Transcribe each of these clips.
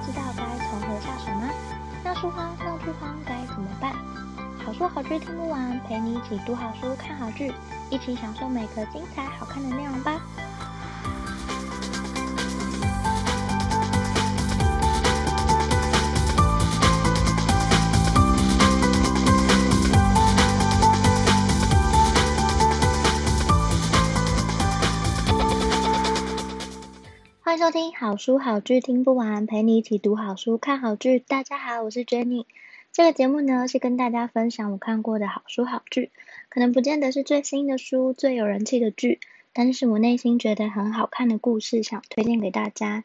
知道該從何下手嗎？鬧書荒，鬧劇荒，該怎麼辦？好書好劇聽不完，陪你一起讀好書、看好劇，一起享受每個精彩好看的內容吧。收聽好書好劇聽不完，陪你一起讀好書、看好劇。大家好，我是 Jenny。這個節目呢是跟大家分享我看過的好書好劇，可能不見得是最新的書、最有人氣的劇，但是我內心覺得很好看的故事，想推薦給大家。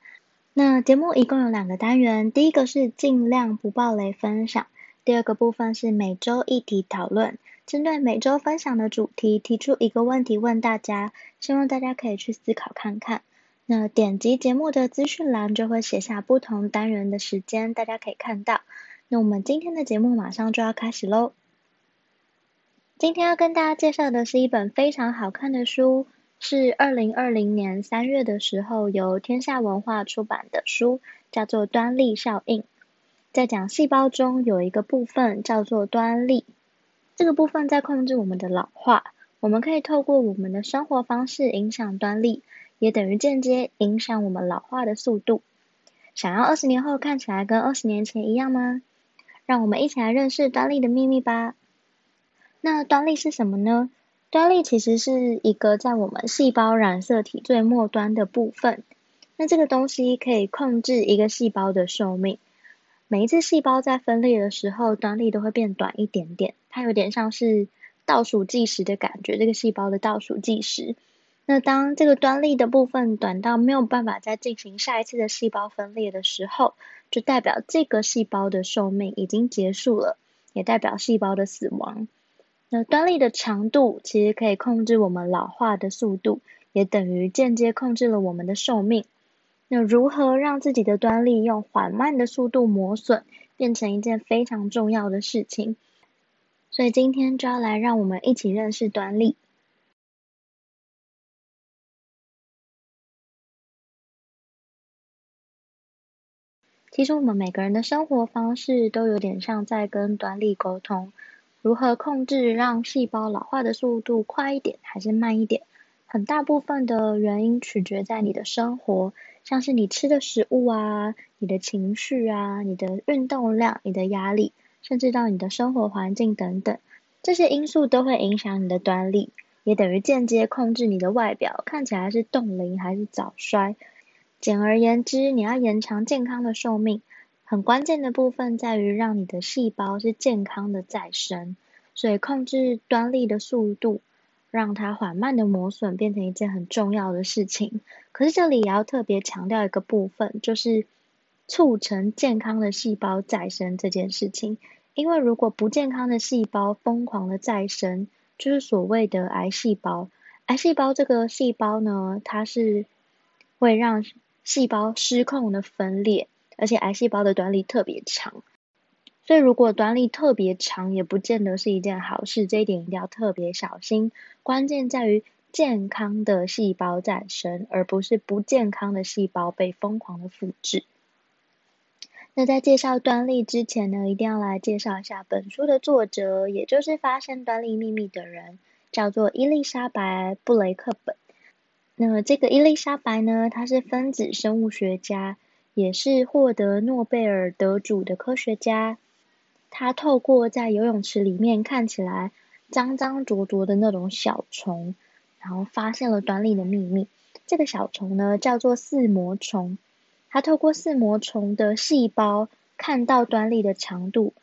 那節目一共有兩個單元，第一個是盡量不暴雷分享，第二個部分是每周議題討論，針對每周分享的主題提出一個問題問大家，希望大家可以去思考看看。那點擊節目的資訊欄，就會寫下不同單元的時間，大家可以看到。那我們今天的節目馬上就要開始嘍。今天要跟大家介紹的是一本非常好看的書，是二零二零年三月的時候由天下文化出版的書，叫做《端粒效應》。在講細胞中有一個部分叫做端粒，這個部分在控制我們的老化。我們可以透過我們的生活方式影響端粒，也等於間接影響我們老化的速度。想要二十年後看起來跟二十年前一樣嗎？讓我們一起來認識端粒的秘密吧。那端粒是什麼呢？端粒其實是一個在我們細胞染色體最末端的部分。那這個東西可以控制一個細胞的壽命。每一次細胞在分裂的時候，端粒都會變短一點點。它有點像是倒數計時的感覺，這個細胞的倒數計時。那當這個端粒的部分短到沒有辦法再進行下一次的細胞分裂的時候，就代表這個細胞的壽命已經結束了，也代表細胞的死亡。那端粒的長度其實可以控制我們老化的速度，也等於間接控制了我們的壽命。那如何讓自己的端粒用緩慢的速度磨損，變成一件非常重要的事情。所以今天就要來讓我們一起認識端粒。其實我們每個人的生活方式都有點像在跟端粒溝通，如何控制讓細胞老化的速度快一點還是慢一點，很大部分的原因取決在你的生活，像是你吃的食物啊、你的情緒啊、你的運動量、你的壓力，甚至到你的生活環境等等，這些因素都會影響你的端粒，也等於間接控制你的外表，看起來是凍齡還是早衰。簡而言之，你要延長健康的壽命，很關鍵的部分在於讓你的細胞是健康的再生，所以控制端粒的速度，讓它緩慢的磨損，變成一件很重要的事情。可是這裡也要特別強調一個部分，就是促成健康的細胞再生這件事情，因為如果不健康的細胞瘋狂的再生，就是所謂的癌細胞。癌細胞這個細胞呢，它是會讓細胞失控的分裂，而且癌細胞的端粒特別長，所以如果端粒特別長，也不見得是一件好事。這一點一定要特別小心。關鍵在於健康的細胞再生，而不是不健康的細胞被瘋狂的複製。那在介紹端粒之前呢，一定要來介紹一下本書的作者，也就是發現端粒秘密的人，叫做伊麗莎白布雷克本。那這個伊麗莎白呢，她是分子生物學家，也是獲得諾貝爾得主的科學家。她透過在游泳池裡面看起來髒髒濁濁的那種小蟲，然後發現了端粒的秘密。這個小蟲呢，叫做四膜蟲。她透過四膜蟲的細胞看到端粒的長度，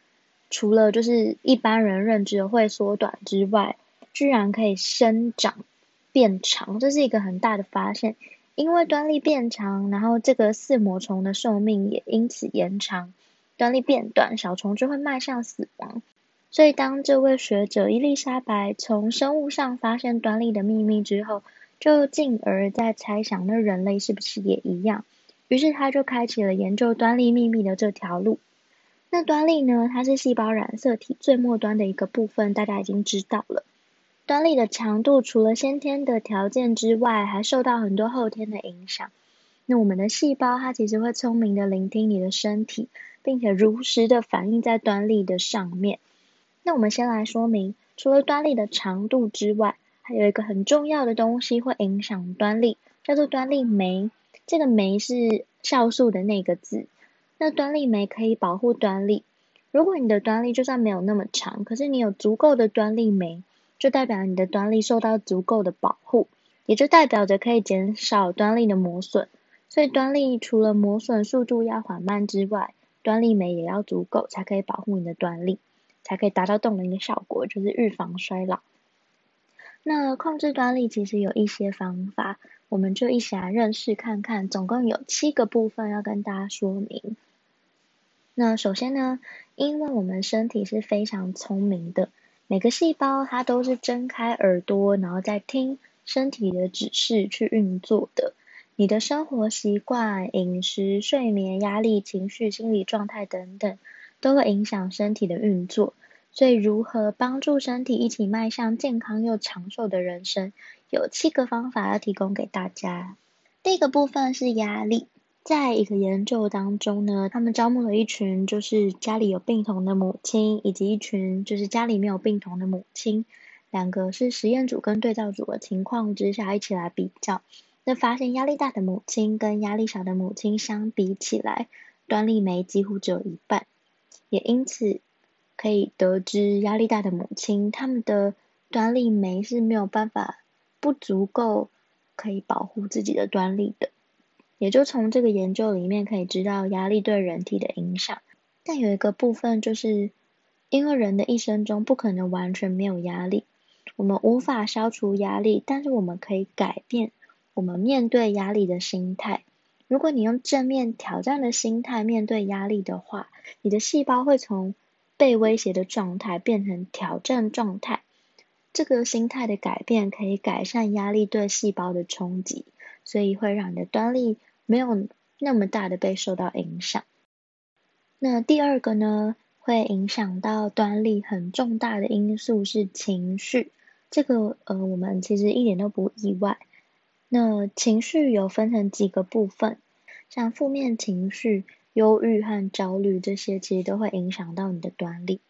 除了就是一般人認知會縮短之外，居然可以生長。變長，這是一個很大的發現，因為端粒變長，然後這個四膜蟲的壽命也因此延長；端粒變短，小蟲就會邁向死亡。所以，當這位學者伊麗莎白從生物上發現端粒的秘密之後，就進而在猜想那人類是不是也一樣。於是，他就開啟了研究端粒秘密的這條路。那端粒呢？它是細胞染色體最末端的一個部分，大家已經知道了。端粒的長度除了先天的條件之外，還受到很多後天的影響。那我們的細胞它其實會聰明的聆聽你的身體，並且如實的反映在端粒的上面。那我們先來說明，除了端粒的長度之外，還有一個很重要的東西會影響端粒，叫做端粒酶。這個酶是酵素的那個字。那端粒酶可以保護端粒。如果你的端粒就算沒有那麼長，可是你有足夠的端粒酶。就代表你的端粒受到足夠的保護，也就代表着可以減少端粒的磨損。所以端粒除了磨損速度要緩慢之外，端粒酶也要足夠，才可以保護你的端粒，才可以達到凍齡的效果，就是預防衰老。那控制端粒其實有一些方法，我們就一起來認識看看，總共有七個部分要跟大家說明。那首先呢，因為我們身體是非常聰明的。每個細胞它都是睜開耳朵，然後再聽身體的指示去運作的。你的生活習慣、飲食、睡眠、壓力、情緒、心理狀態等等，都會影響身體的運作。所以，如何幫助身體一起邁向健康又長壽的人生，有七個方法要提供給大家。第一個部分是壓力。在一個研究當中呢，他們招募了一群就是家裡有病童的母親，以及一群就是家裡沒有病童的母親，兩個是實驗組跟對照組的情況之下一起來比較，那發現壓力大的母親跟壓力小的母親相比起來，端粒酶幾乎只有一半，也因此可以得知壓力大的母親，他們的端粒酶是沒有辦法不足夠可以保護自己的端粒的。也就從這個研究裡面可以知道壓力對人體的影響，但有一個部分就是，因為人的一生中不可能完全沒有壓力，我們無法消除壓力，但是我們可以改變我們面對壓力的心態。如果你用正面挑戰的心態面對壓力的話，你的細胞會從被威脅的狀態變成挑戰狀態。這個心態的改變可以改善壓力對細胞的衝擊，所以會讓你的端粒，沒有那麼大的被受到影響。那第二個呢，會影響到端粒很重大的因素是情緒。這個呃，我們其實一點都不意外。那情緒有分成幾個部分，像負面情緒、憂鬱和焦慮這些，其實都會影響到你的端粒。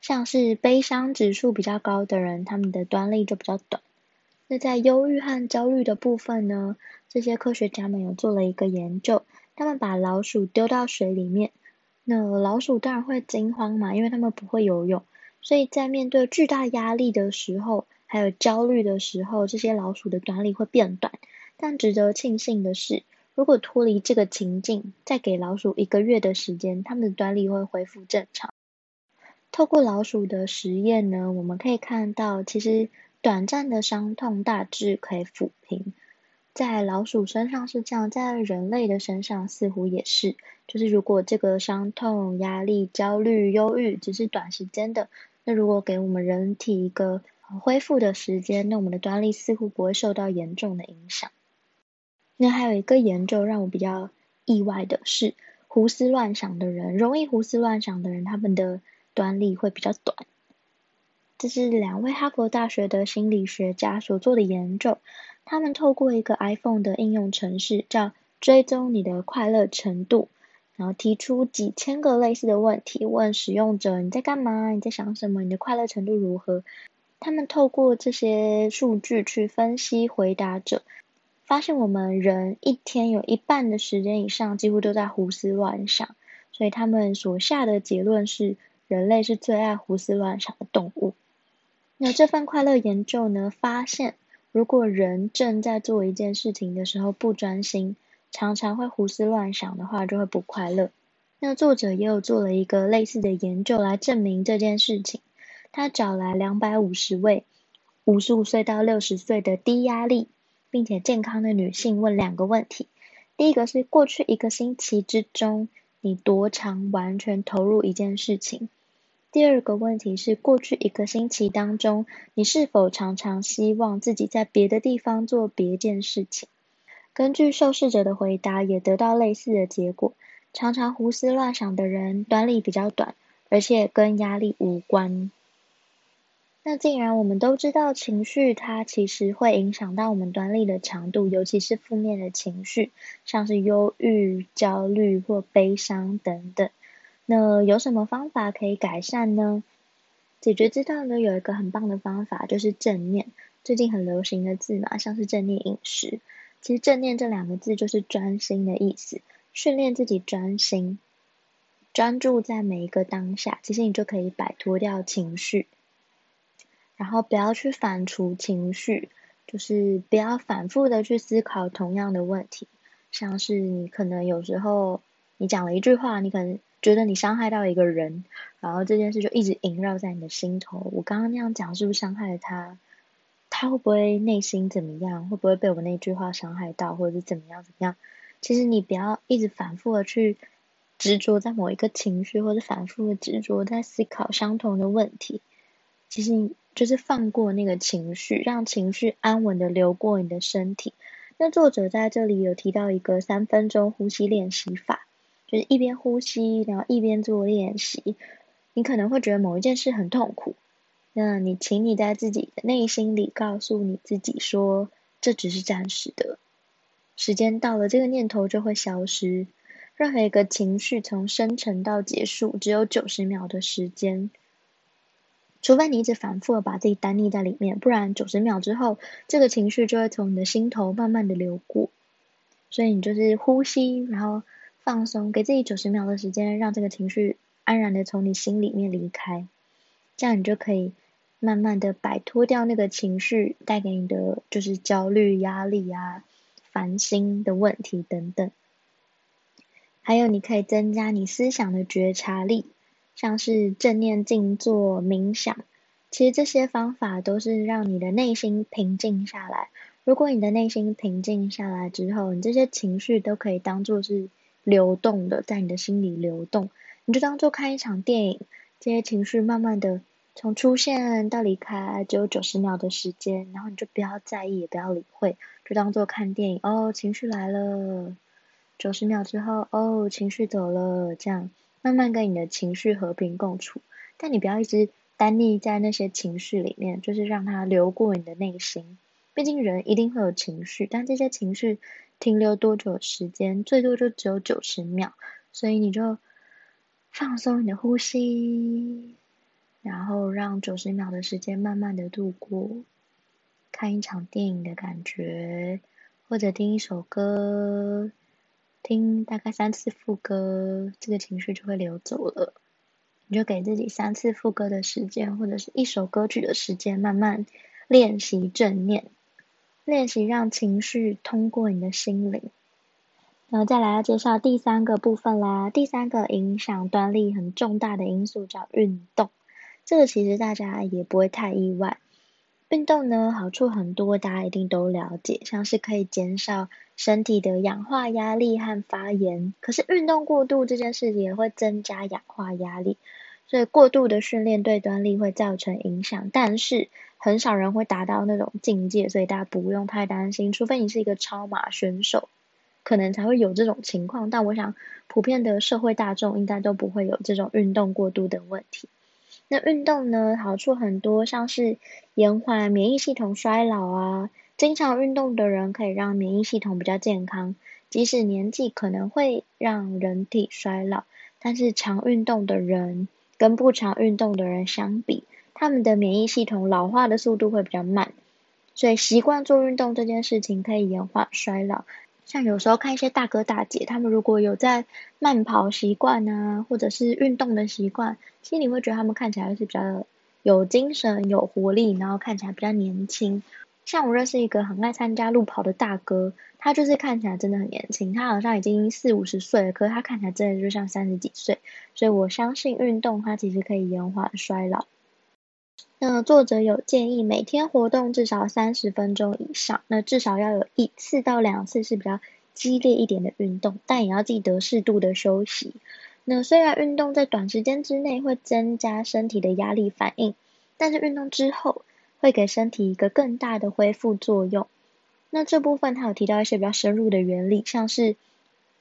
像是悲傷指數比較高的人，他們的端粒就比較短。那在憂鬱和焦慮的部分呢？這些科學家們有做了一個研究，他們把老鼠丟到水裡面，那老鼠當然會驚慌嘛，因為他們不會游泳，所以在面對巨大壓力的時候，還有焦慮的時候，這些老鼠的端粒會變短。但值得慶幸的是，如果脫離這個情境，再給老鼠一個月的時間，它們的端粒會恢復正常。透過老鼠的實驗呢，我們可以看到其實，短暫的傷痛大致可以撫平，在老鼠身上是這樣，在人類的身上似乎也是。就是如果這個傷痛、壓力、焦慮、憂鬱只是短時間的，那如果給我們人體一個恢復的時間，那我們的端粒似乎不會受到嚴重的影響。那還有一個研究讓我比較意外的是，胡思亂想的人，容易胡思亂想的人，他們的端粒會比較短。這是兩位哈佛大學的心理學家所做的研究，他們透過一個 iPhone 的應用程式，叫“追蹤你的快樂程度”，然後提出幾千個類似的問題，問使用者：“你在幹嘛？你在想什麼？你的快樂程度如何？”他們透過這些數據去分析回答者，發現我們人一天有一半的時間以上，幾乎都在胡思亂想，所以他們所下的結論是：人類是最愛胡思亂想的動物。那這份快樂研究呢，發現如果人正在做一件事情的時候不專心，常常會胡思亂想的話，就會不快樂。那作者也有做了一個類似的研究來證明這件事情。他找來兩百五十位五十五歲到六十歲的低壓力並且健康的女性，問兩個問題。第一個是過去一個星期之中，你多長完全投入一件事情？第二個問題是，過去一個星期當中，你是否常常希望自己在別的地方做別件事情？根據受試者的回答，也得到類似的結果。常常胡思亂想的人，端粒比較短，而且跟壓力無關。那既然我們都知道情緒它其實會影響到我們端粒的強度，尤其是負面的情緒，像是憂鬱、焦慮或悲傷等等。那有什麼方法可以改善呢？解決之道呢？有一個很棒的方法就是正念，最近很流行的字嘛，像是正念飲食。其實正念這兩個字就是專心的意思，訓練自己專心，專注在每一個當下，其實你就可以擺脫掉情緒，然後不要去反芻情緒，就是不要反覆的去思考同樣的問題。像是你可能有時候你講了一句話，你可能。覺得你傷害到一個人，然後這件事就一直縈繞在你的心頭。我剛剛那樣講是不是傷害了他？他會不會內心怎麼樣？會不會被我那句話傷害到，或者怎麼樣怎麼樣？其實你不要一直反覆的去執着在某一個情緒，或者反覆的執着在思考相同的問題。其實就是放過那個情緒，讓情緒安穩的流過你的身體。那作者在這裡有提到一個三分鐘呼吸練習法。就是一邊呼吸，然後一邊做練習。你可能會覺得某一件事很痛苦，那你請你在自己的內心裡告訴你自己說，這只是暫時的。時間到了，這個念頭就會消失。任何一個情緒從生成到結束，只有九十秒的時間。除非你一直反復的把自己耽溺在裡面，不然九十秒之後，這個情緒就會從你的心頭慢慢的流過。所以你就是呼吸，然後。放鬆，給自己九十秒的時間，讓這個情緒安然的從你心裡面離開，這樣你就可以慢慢的擺脫掉那個情緒帶給你的就是焦慮、壓力啊、煩心的問題等等。還有，你可以增加你思想的覺察力，像是正念靜坐、冥想，其實這些方法都是讓你的內心平靜下來。如果你的內心平靜下來之後，你這些情緒都可以當做是。流動的，在你的心裡流動，你就當做看一場電影。這些情緒慢慢的從出現到離開，只有九十秒的時間，然後你就不要在意，也不要理會，就當做看電影。哦，情緒來了，九十秒之後，哦，情緒走了，這樣慢慢跟你的情緒和平共處。但你不要一直耽溺在那些情緒裡面，就是讓它流過你的內心。畢竟人一定會有情緒，但這些情緒停留多久時間，最多就只有九十秒，所以你就放鬆你的呼吸，然後讓九十秒的時間慢慢地度過，看一場電影的感覺，或者聽一首歌，聽大概三次副歌，這個情緒就會流走了。你就給自己三次副歌的時間，或者是一首歌曲的時間，慢慢練習正念。練習讓情緒通過你的心靈，然後再來要介紹第三個部分啦。第三個影響端粒很重大的因素叫運動，這個其實大家也不會太意外。運動呢，好處很多，大家一定都了解，像是可以減少身體的氧化壓力和發炎。可是運動過度這件事也會增加氧化壓力，所以過度的訓練對端粒會造成影響，但是。很少人會達到那種境界，所以大家不用太擔心，除非你是一個超馬選手，可能才會有這種情況。但我想，普遍的社會大眾應該都不會有這種運動過度的問題。那運動呢，好處很多，像是延緩免疫系統衰老啊，經常運動的人可以讓免疫系統比較健康。即使年紀可能會讓人體衰老，但是常運動的人跟不常運動的人相比。他們的免疫系統老化的速度會比較慢，所以習慣做運動這件事情可以延緩衰老。像有時候看一些大哥大姐，他們如果有在慢跑習慣呢、啊，或者是運動的習慣，心裡會覺得他們看起來是比較有精神、有活力，然後看起來比較年輕。像我認識一個很愛參加路跑的大哥，他就是看起來真的很年輕，他好像已經四五十歲了，可是他看起來真的就像三十幾歲。所以我相信運動它其實可以延緩衰老。那作者有建議，每天活動至少三十分鐘以上。那至少要有一次到兩次是比較激烈一點的運動，但也要記得適度的休息。那雖然運動在短時間之內會增加身體的壓力反應，但是運動之後會給身體一個更大的恢復作用。那這部分他有提到一些比較深入的原理，像是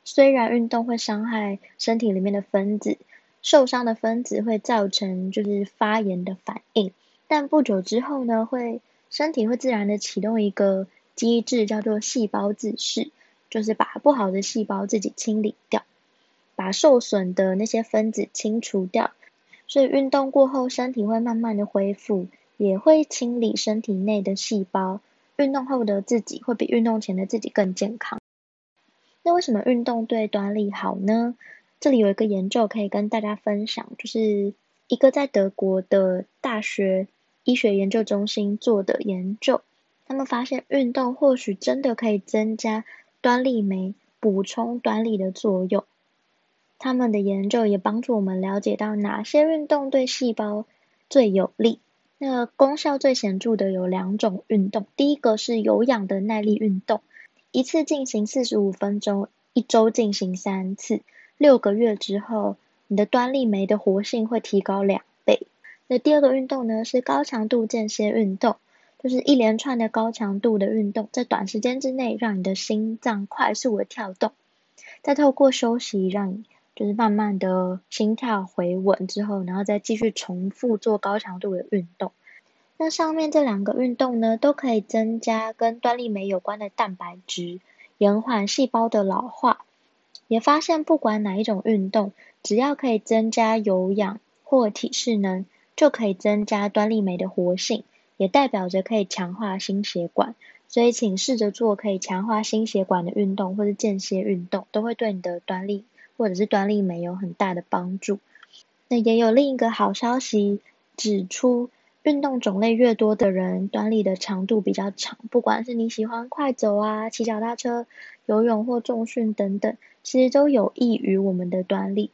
雖然運動會傷害身體裡面的分子，受傷的分子會造成就是發炎的反應。但不久之後呢，會身體會自然的啟動一個機制，叫做細胞自噬，就是把不好的細胞自己清理掉，把受損的那些分子清除掉。所以運動過後，身體會慢慢的恢復，也會清理身體內的細胞。運動後的自己會比運動前的自己更健康。那為什麼運動對端粒好呢？這裡有一個研究可以跟大家分享，就是一個在德國的大學。醫學研究中心做的研究，他們發現運動或許真的可以增加端粒酶，補充端粒的作用。他們的研究也幫助我們了解到哪些運動對細胞最有利。那功效最顯著的有兩種運動，第一個是有氧的耐力運動，一次進行四十五分鐘，一周進行三次，六個月之後，你的端粒酶的活性會提高兩。那第二個運動呢，是高強度間歇運動，就是一連串的高強度的運動，在短時間之內讓你的心臟快速的跳動，再透過休息，讓你就是慢慢的心跳回穩之後，然後再繼續重複做高強度的運動。那上面這兩個運動呢，都可以增加跟端粒酶有關的蛋白質，延緩細胞的老化。也發現不管哪一種運動，只要可以增加有氧或體適能。就可以增加端粒酶的活性，也代表着可以強化心血管。所以，請試着做可以強化心血管的運動，或是間歇運動，都會對你的端粒或者是端粒酶有很大的幫助。那也有另一個好消息，指出運動種類越多的人，端粒的長度比較長。不管是你喜歡快走啊、騎腳踏車、游泳或重訓等等，其實都有益於我們的端粒。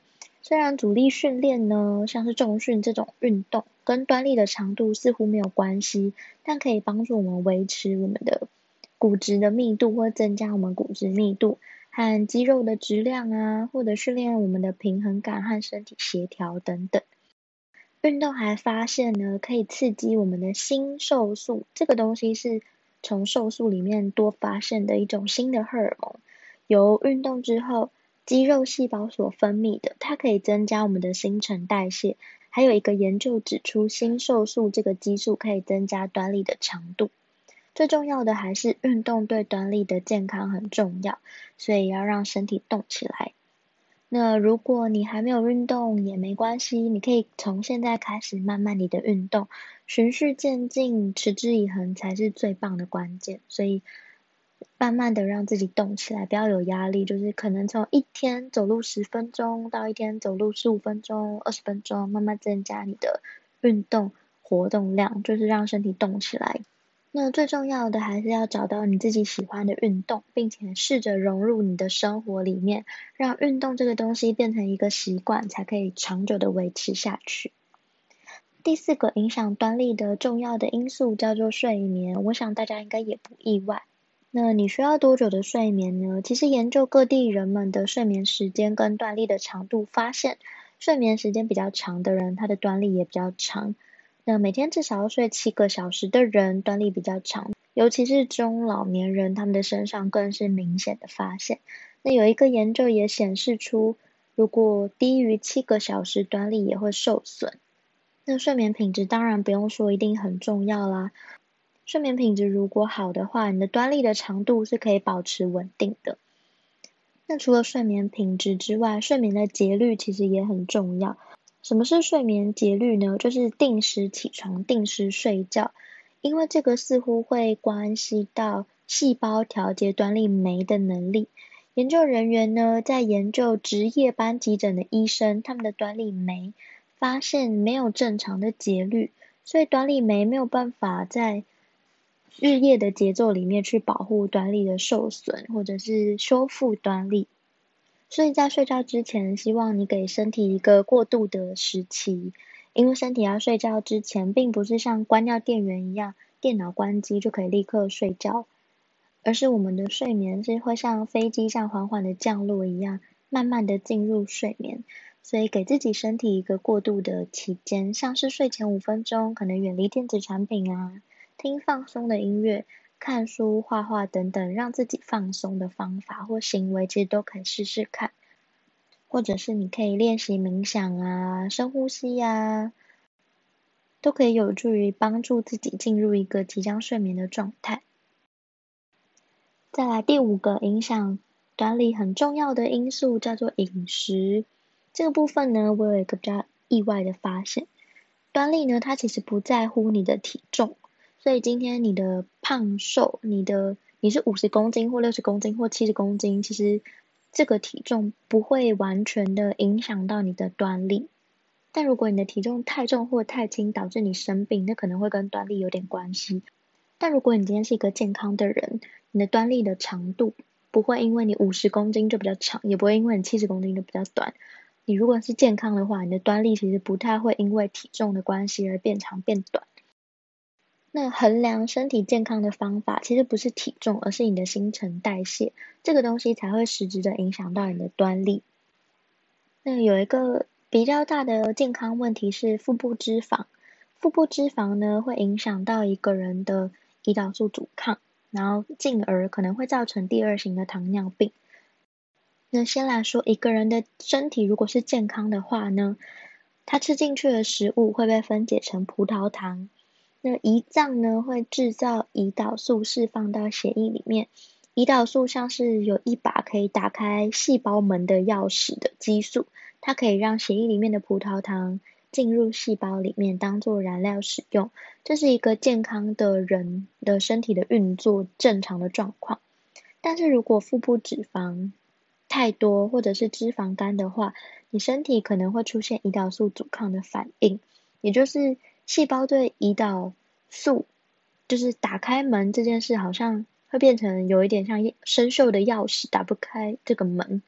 雖然阻力訓練呢，像是重訓這種運動，跟端粒的長度似乎沒有關係，但可以幫助我們維持我們的骨質的密度，或增加我們骨質密度和肌肉的質量啊，或者訓練我們的平衡感和身體協調等等。運動還發現呢，可以刺激我們的新瘦素，這個東西是從瘦素裡面多發現的一種新的荷爾蒙，由運動之後。肌肉細胞所分泌的，它可以增加我們的新陳代謝。還有一個研究指出，新瘦素這個激素可以增加端粒的強度。最重要的還是運動對端粒的健康很重要，所以要讓身體動起來。那如果你還沒有運動也沒關係，你可以從現在開始慢慢你的運動，循序漸進，持之以恆才是最棒的關鍵。所以。慢慢的讓自己動起來，不要有壓力，就是可能從一天走路十分鐘到一天走路十五分鐘、二十分鐘，慢慢增加你的運動活動量，就是讓身體動起來。那最重要的還是要找到你自己喜歡的運動，並且試着融入你的生活裡面，讓運動這個東西變成一個習慣，才可以長久的維持下去。第四個影響端粒的重要的因素叫做睡眠，我想大家應該也不意外。那你需要多久的睡眠呢？其實研究各地人們的睡眠時間跟端粒的長度，發現睡眠時間比較長的人，他的端粒也比較長。那每天至少要睡七個小時的人，端粒比較長，尤其是中老年人，他們的身上更是明顯的發現。那有一個研究也顯示出，如果低於七個小時，端粒也會受損。那睡眠品質當然不用說，一定很重要啦。睡眠品質如果好的話，你的端粒的長度是可以保持穩定的。那除了睡眠品質之外，睡眠的節律其實也很重要。什麼是睡眠節律呢？就是定時起床，定時睡覺。因為這個似乎會關係到細胞調節端粒酶的能力。研究人員呢，在研究值夜班急診的醫生，他們的端粒酶發現沒有正常的節律，所以端粒酶沒有辦法在日夜的節奏裡面去保護端粒的受損，或者是修復端粒。所以在睡覺之前，希望你給身體一個過渡的時期，因為身體要睡覺之前，並不是像關掉電源一樣，電腦關機就可以立刻睡覺，而是我們的睡眠是會像飛機像緩緩的降落一樣，慢慢的進入睡眠。所以給自己身體一個過渡的期間，像是睡前五分鐘，可能遠離電子產品啊。聽放鬆的音樂、看書、畫畫等等，讓自己放鬆的方法或行為，其實都可以試試看。或者是你可以練習冥想啊、深呼吸呀、啊，都可以有助於幫助自己進入一個即將睡眠的狀態。再來第五個影響端粒很重要的因素叫做飲食。這個部分呢，我有一個比較意外的發現。端粒呢，它其實不在乎你的體重。所以今天你的胖瘦，你的你是五十公斤或六十公斤或七十公斤，其實這個體重不會完全的影響到你的端粒。但如果你的體重太重或太輕，導致你生病，那可能會跟端粒有點關係。但如果你今天是一個健康的人，你的端粒的長度不會因為你五十公斤就比較長，也不會因為你七十公斤就比較短。你如果是健康的話，你的端粒其實不太會因為體重的關係而變長變短。那衡量身體健康的方法其實不是體重，而是你的新陳代謝這個東西才會實質的影響到你的端粒。那有一個比較大的健康問題是腹部脂肪，腹部脂肪呢會影響到一個人的胰島素阻抗，然後進而可能會造成第二型的糖尿病。那先來說一個人的身體如果是健康的話呢，他吃進去的食物會被分解成葡萄糖。那胰臟呢會製造胰島素釋放到血液裡面，胰島素像是有一把可以打開細胞門的鑰匙的激素，它可以讓血液裡面的葡萄糖進入細胞裡面當做燃料使用，這是一個健康的人的身體的運作正常的狀況。但是如果腹部脂肪太多或者是脂肪肝的話，你身體可能會出現胰島素阻抗的反應，也就是。細胞對胰島素就是打開門這件事，好像會變成有一點像生鏽的鑰匙打不開這個門。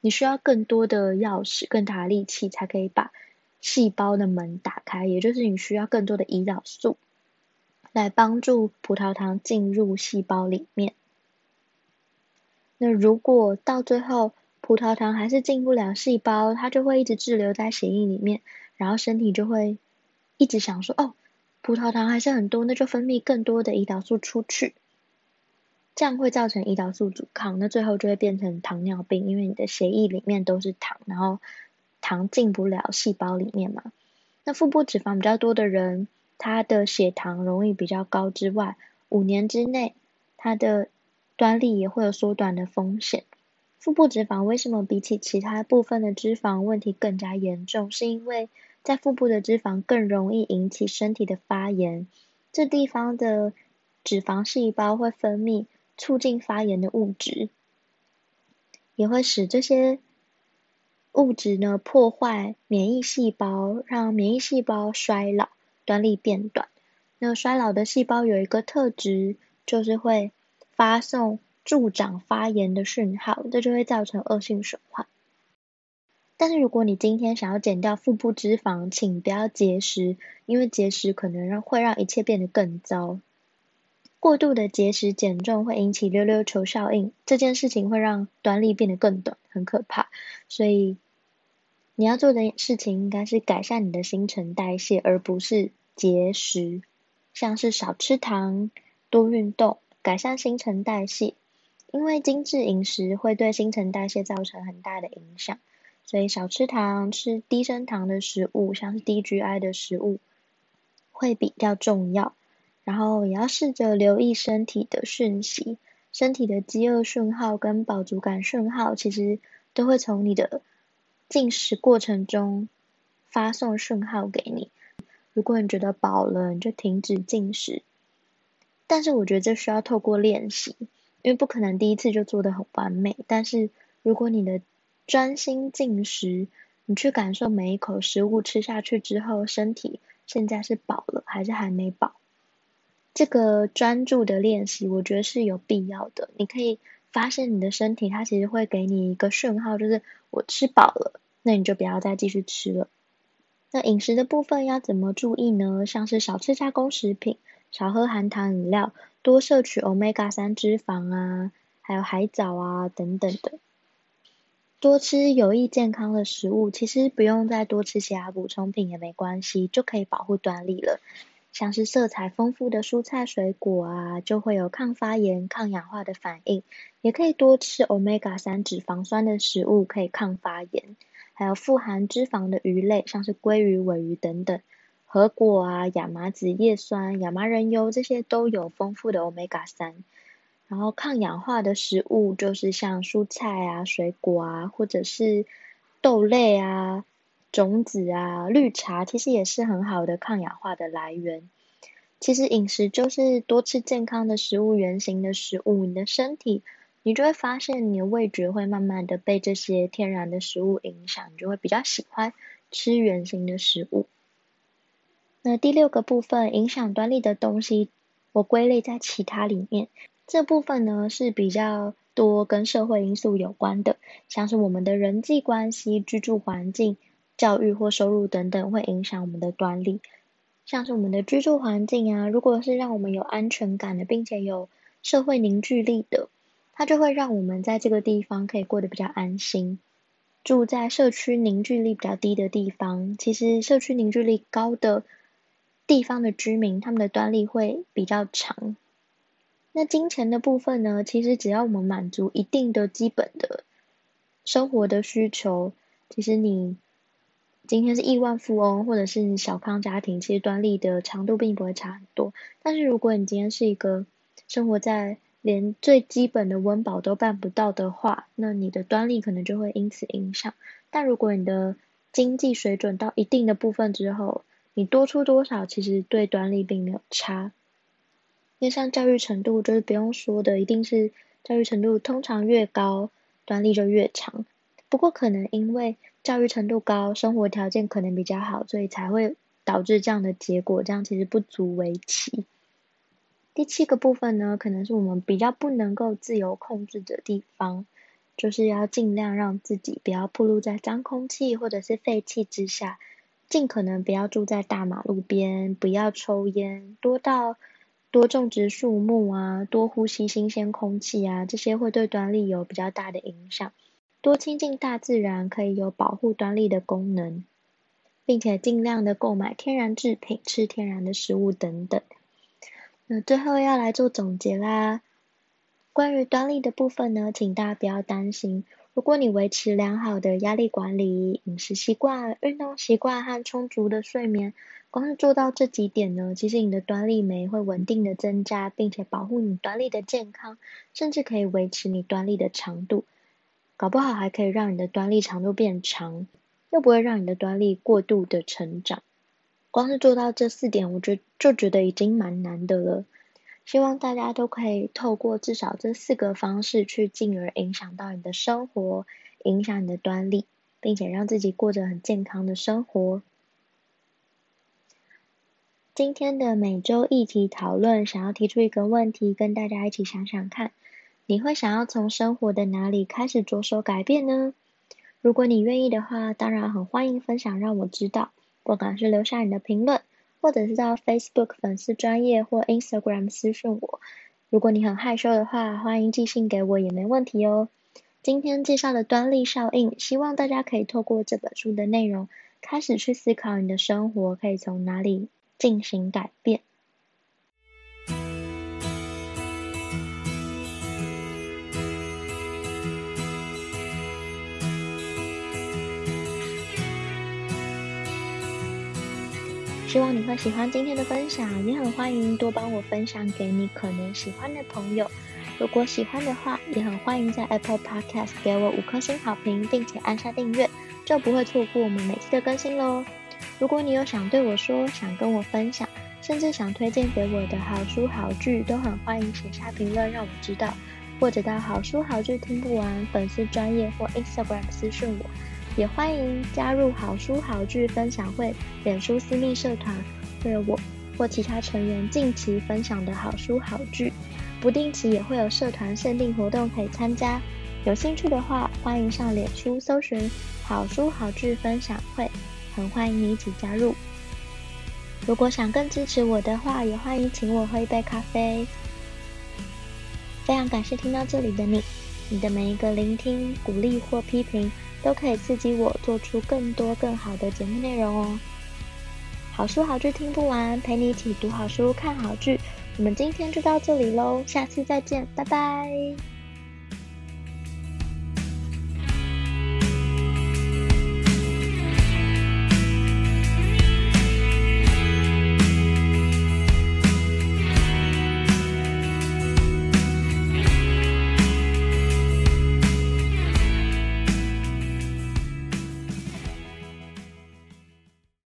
你需要更多的鑰匙，更大的力氣，才可以把細胞的門打開。也就是你需要更多的胰島素來幫助葡萄糖進入細胞裡面。那如果到最後葡萄糖還是進不了細胞，它就會一直滯留在血液裡面，然後身體就會。一直想說哦，葡萄糖還是很多，那就分泌更多的胰島素出去，這樣會造成胰島素阻抗，那最後就會變成糖尿病，因為你的血液裡面都是糖，然後糖進不了細胞裡面嘛。那腹部脂肪比較多的人，他的血糖容易比較高之外，五年之內他的端粒也會有縮短的風險。腹部脂肪為什麼比起其他部分的脂肪問題更加嚴重？是因為在腹部的脂肪更容易引起身體的發炎，這地方的脂肪細胞會分泌促進發炎的物質，也會使這些物質呢破壞免疫細胞，讓免疫細胞衰老、端粒變短。那衰老的細胞有一個特質，就是會發送助長發炎的訊號，這就會造成惡性循環。但是如果你今天想要減掉腹部脂肪，請不要節食，因為節食可能會讓會讓一切變得更糟。過度的節食減重會引起溜溜球效應，這件事情會讓端粒變得更短，很可怕。所以你要做的事情應該是改善你的新陳代謝，而不是節食，像是少吃糖、多運動、改善新陳代謝，因為精致飲食會對新陳代謝造成很大的影響。所以少吃糖，吃低升糖的食物，像是低 GI 的食物，會比較重要。然後也要試着留意身體的訊息，身體的飢餓訊號跟飽足感訊號，其實都會從你的進食過程中發送訊號給你。如果你覺得飽了，你就停止進食。但是我覺得這需要透過練習，因為不可能第一次就做得很完美。但是如果你的專心進食，你去感受每一口食物吃下去之後，身體現在是飽了還是還沒飽？這個專注的練習，我覺得是有必要的。你可以發現你的身體，它其實會給你一個訊號，就是我吃飽了，那你就不要再繼續吃了。那飲食的部分要怎麼注意呢？像是少吃加工食品，少喝含糖飲料，多攝取 Omega 三脂肪啊，還有海藻啊等等的。多吃有益健康的食物，其實不用再多吃其他補充品也沒關係，就可以保護端粒了。像是色彩豐富的蔬菜水果啊，就會有抗發炎、抗氧化的反應。也可以多吃 Omega 三脂肪酸的食物，可以抗發炎。還有富含脂肪的魚類，像是鮭魚、尾魚等等，核果啊、亞麻籽、葉酸、亞麻仁油這些都有豐富的 Omega 三。然後抗氧化的食物就是像蔬菜啊、水果啊，或者是豆類啊、種子啊、綠茶，其實也是很好的抗氧化的來源。其實飲食就是多吃健康的食物、原型的食物，你的身體你就會發現你的味覺會慢慢的被這些天然的食物影響，你就會比較喜歡吃原型的食物。那第六個部分影響端粒的東西，我歸類在其他裡面。這部分呢，是比較多跟社會因素有關的，像是我們的人際關係、居住環境、教育或收入等等，會影響我們的端粒。像是我們的居住環境啊，如果是讓我們有安全感的，並且有社會凝聚力的，它就會讓我們在這個地方可以過得比較安心。住在社區凝聚力比較低的地方，其實社區凝聚力高的地方的居民，他們的端粒會比較長。那金錢的部分呢？其實只要我們滿足一定的基本的生活的需求，其實你今天是億萬富翁或者是小康家庭，其實端粒的長度並不會差很多。但是如果你今天是一個生活在連最基本的溫飽都辦不到的話，那你的端粒可能就會因此影響。但如果你的經濟水準到一定的部分之後，你多出多少，其實對端粒並沒有差。那像教育程度就是不用說的，一定是教育程度通常越高，端粒就越長。不過可能因為教育程度高，生活條件可能比較好，所以才會導致這樣的結果，這樣其實不足為奇。第七個部分呢，可能是我們比較不能夠自由控制的地方，就是要儘量讓自己不要暴露在髒空氣或者是廢氣之下，盡可能不要住在大馬路邊，不要抽煙，多到。多種植樹木啊，多呼吸新鮮空氣啊，這些會對端粒有比較大的影響。多親近大自然，可以有保護端粒的功能，並且盡量的購買天然製品，吃天然的食物等等。那最後要來做總結啦。關於端粒的部分呢，請大家不要擔心。如果你維持良好的壓力管理、飲食習慣、運動習慣和充足的睡眠。光是做到這幾點呢，其實你的端粒酶會穩定的增加，並且保護你端粒的健康，甚至可以維持你端粒的長度，搞不好還可以讓你的端粒長度變長，又不會讓你的端粒過度的成長。光是做到這四點，我覺就，就覺得已經蠻難的了。希望大家都可以透過至少這四個方式去，進而影響到你的生活，影響你的端粒，並且讓自己過着很健康的生活。今天的每周議題討論，想要提出一個問題，跟大家一起想想看，你會想要從生活的哪裡開始着手改變呢？如果你願意的話，當然很歡迎分享，讓我知道。不管是留下你的評論，或者是到 Facebook 粉絲專頁或 Instagram 私訊我。如果你很害羞的話，歡迎寄信給我也，也沒問題哦。今天介紹的端粒效應，希望大家可以透過這本書的內容，開始去思考你的生活可以從哪裡。進行改變。希望你會喜歡今天的分享，也很歡迎多幫我分享給你可能喜歡的朋友。如果喜歡的話，也很歡迎在 Apple Podcast 給我五顆星好評，並且按下訂閱，就不會錯過我們每次的更新嘍。如果你有想對我說、想跟我分享，甚至想推薦給我的好書好劇，都很歡迎寫下評論讓我知道，或者到好書好劇聽不完粉絲專頁或 Instagram 私信我。也歡迎加入好書好劇分享會臉書私密社團，會有我或其他成員近期分享的好書好劇，不定期也會有社團限定活動可以參加。有興趣的話，歡迎上臉書搜尋好書好劇分享會。很歡迎你一起加入。如果想更支持我的話，也歡迎請我喝一杯咖啡。非常感謝聽到這裡的你，你的每一個聆聽、鼓勵或批評，都可以刺激我做出更多更好的節目內容哦。好書好劇聽不完，陪你一起讀好書、看好劇。我們今天就到這裡嘍，下次再見，拜拜。